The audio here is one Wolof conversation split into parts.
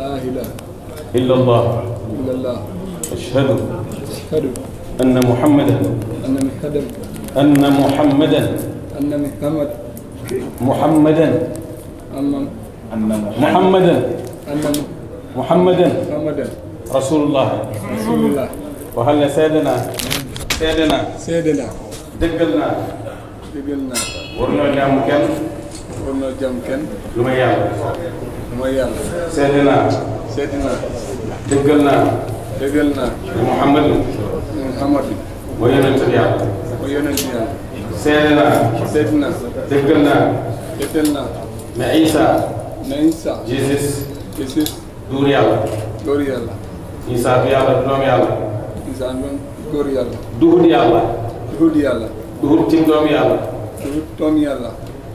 laa ilaaha illa allah illa allah ashhadu ashhadu anna muhammadan anna muhammadan anna muhammadan anna muhammadan muhammadan anna muhammadan anna muhammadan rasulullah rasulullah waxal ne seede naa seede naa seede naa dëggal naa dëggal naa war naa jaamu kenn war naa jàmm kenn. lu may yàlla. lu may yàlla. seeti naa. seeti naa. dëggal naa. dëggal naa. Muhammad. Muhammad. mooy yonent yàlla. mooy yonent yàlla. seeti naa. seeti naa. dëggal naa. dëggal naa. na Isa. na Isa. Jésus. duur yàlla. duur yàlla. Isa bi yàlla doom doom góor yàlla. doom yàlla.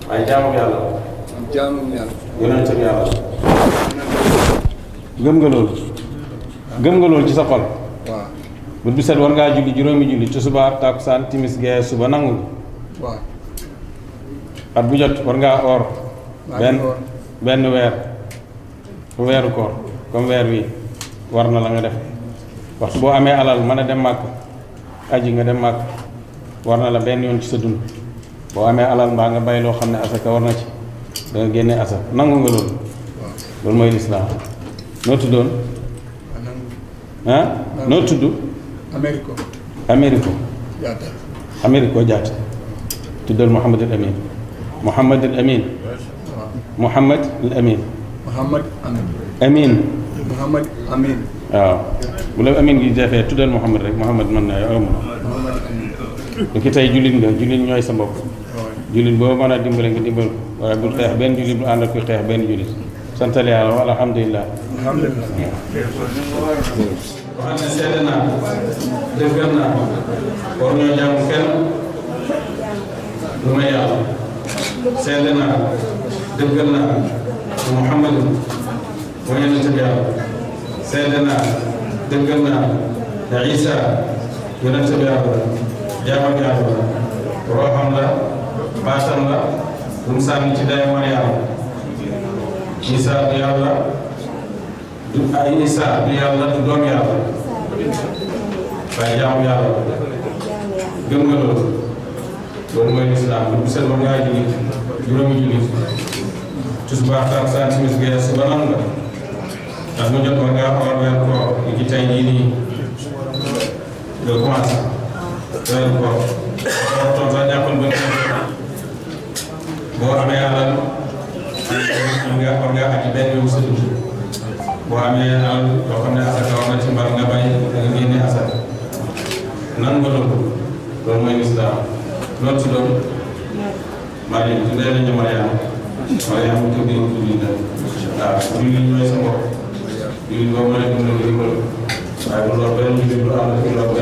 waaye jaamam la. jaamam gëm nga loolu. nga loolu ci sa xol. waaw bu set war ngaa julli juróomi julli ci suba takkusaan timis gee suba nangul. at bu jot war ngaa or. benn benn weer. bu weeru koor comme weer wi war na la nga def waxtu boo amee alal mën a dem màkk aji nga dem màkk war na la benn yoon ci sa dund. boo amee alal mbaa nga bay loo xam ne asaka war na ci da génne asaka nangu nga loolu loolu mooy lislaam noo tuddoon noo tudd américo américo américo jaata tuddal Mouhamad al Amin Mouhamad al Amin Mouhamad al Amin waaw bu la Amin gi defee tuddal Mouhamad rek Mouhamad mën naa yow amul lu ki tey jullit nga jullit ñooy sa mbokk jullit boo mën a dimbale nga dimbal ko waaye bul xeex benn jullit bu ànd ak kuy xeex benn jullit santal yàlla wala alhamdulilah. alhamdulilah. wax naa ko naa ko war ñoo jàmm kenn lu naa ko naa ko Muhammad mooy yonent bi yàlla seede naa baatam la lu mu sànni ci day Mariama Isaa du yàlla du ay Isaa du yàlla du doom yàlla waaye jaamu yàlla gëm nga loolu loolu mooy lislaam lu bu set moom ngaa julli juróomi julli tisbaar takkusaan timis gee suba nan la ndax mu jot ma ngaa xool weer koor li ci tey jii nii nga commencé weer koor koor toog sax ñàkkoon ba si dund boo amee ne asaka war na ci mbar nga bàyyi da nga génne asaka nan nga loolu loolu mooy lislaam loolu si doon Mariam tuddee nañu Mariam Mariam mu tudd yow tudd na waaw jullit mooy sa bopp jullit boobu mooy dund ak waaye bu loolu benn jullit bu am la